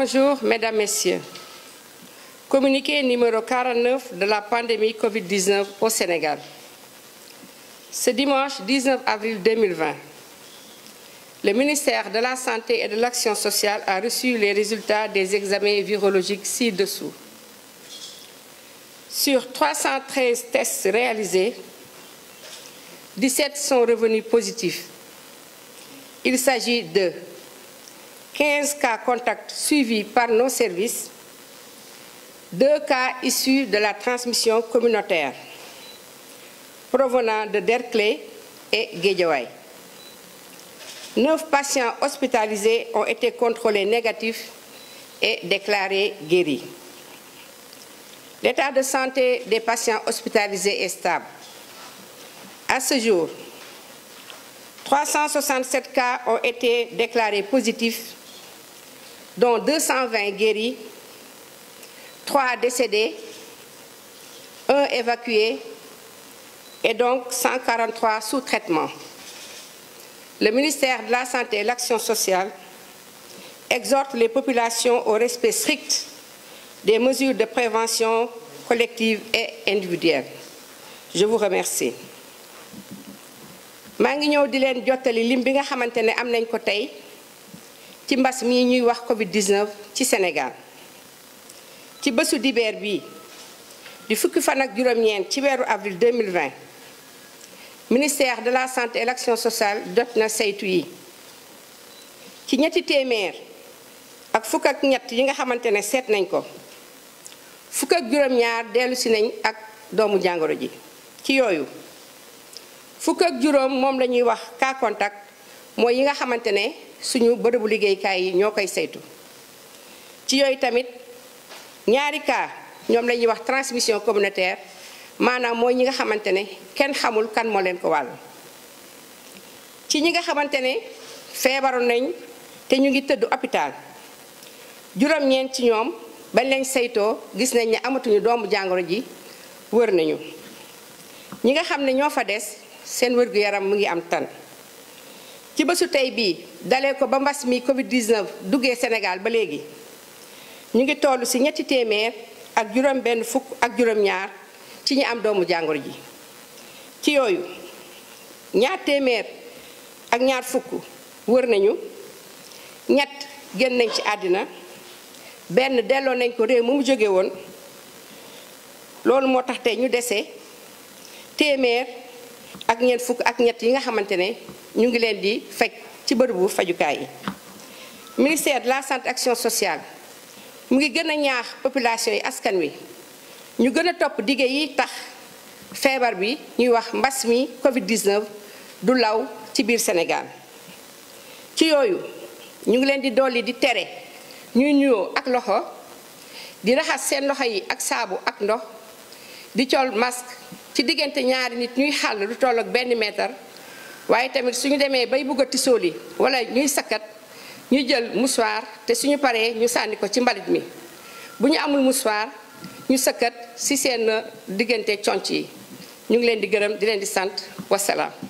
Bonjour, Mesdames, Messieurs. Communiqué numéro 49 de la pandémie Covid-19 au Sénégal. Ce dimanche 19 avril 2020, le ministère de la Santé de l'Action sociale a reçu les résultats des examens virologiques ci-dessous. Sur 313 tests réalisés, 17 sont revenus positifs. Il s'agit de 15 cas contacts suivis par nos services, 2 cas issus de la transmission communautaire provenant de Derklé et Guédiawaye. 9 patients hospitalisés ont été contrôlés négatifs et déclarés guéris. de santé des patients hospitalisés est stable. À ce jour, 367 cas ont été dont 220 guéris, 3 décédés, 1 évacué et donc 143 sous traitement. Le ministère de la Santé l'Action sociale exhorte les populations au respect des mesures de prévention collective et individuelle. Je vous remercie. maa ngi ñëw di leen jottali lim bi nga xamante ne am nañ ko tey ci mbas mi ñuy wax Covid 19 ci Sénégal ci bësu dibeer bi di fukki fan ak juróom-ñeent ci weeru avril 2020 ministère de la santé et sociale jot na saytu yi ci ñetti téeméer ak fukk ak ñett yi nga xamante ne seet nañ ko fukk ak juróom-ñaar dellu nañ ak doomu jàngoro ji ci yooyu fukk ak juróom moom la wax cas contact mooy yi nga xamante ne. suñu bërëbu liggéeykaay yi ñoo koy saytu ci yooyu tamit ñaari kaa ñoom la ñuy wax transmission communataire maanaam mooy ñi nga xamante ne kenn xamul kan moo leen ko wàll ci ñi nga xamante ne feebaru nañ te ñu ngi tëdd hôpital juróom-ñeent ci ñoom bañ leen saytoo gis nañ ni amatuñu doomu jàngoro ji wër nañu ñi nga xam ne ñoo fa des seen wér-gu-yaram mu ngi am tan ci bésu tey bii dalee ko ba mbas mi Covid 19 duggee Sénégal ba léegi ñu ngi tollu ci ñetti téeméer ak juróom benn fukk ak juróom-ñaar ci ñi am doomu jàngoro ji ci yooyu ñaar téeméer ak ñaar fukk wër nañu ñett génn nañ ci àddina benn delloo nañ ko réew mu mu jóge woon loolu moo tax tey ñu desee téeméer ak ñeent fukk ak ñett yi nga xamante ne. ñu ngi leen di faj ci bërëbu fajukaay yi ministère de la santé action sociale mu ngi gën a ñaax population yi askan wi ñu gën a topp dige yi tax feebar bi ñuy wax mbas mi covid 19 du law ci biir Sénégal ci yooyu ñu ngi leen di dolli di tere ñuy nuyoo ak loxo di raxas seen loxo yi ak saabu ak ndox di col mask ci diggante ñaari nit ñuy xàll lu toll ak benn mètre waaye tamit suñu demee bay bugg a tisooli wala ñuy sakkat ñu jël mouchoir te suñu paree ñu sànni ko ci mbalit mi bu ñu amul mouchoir ñu sakkat ci seen diggante conc yi ñu ngi leen di gërëm di leen di sant wasalaam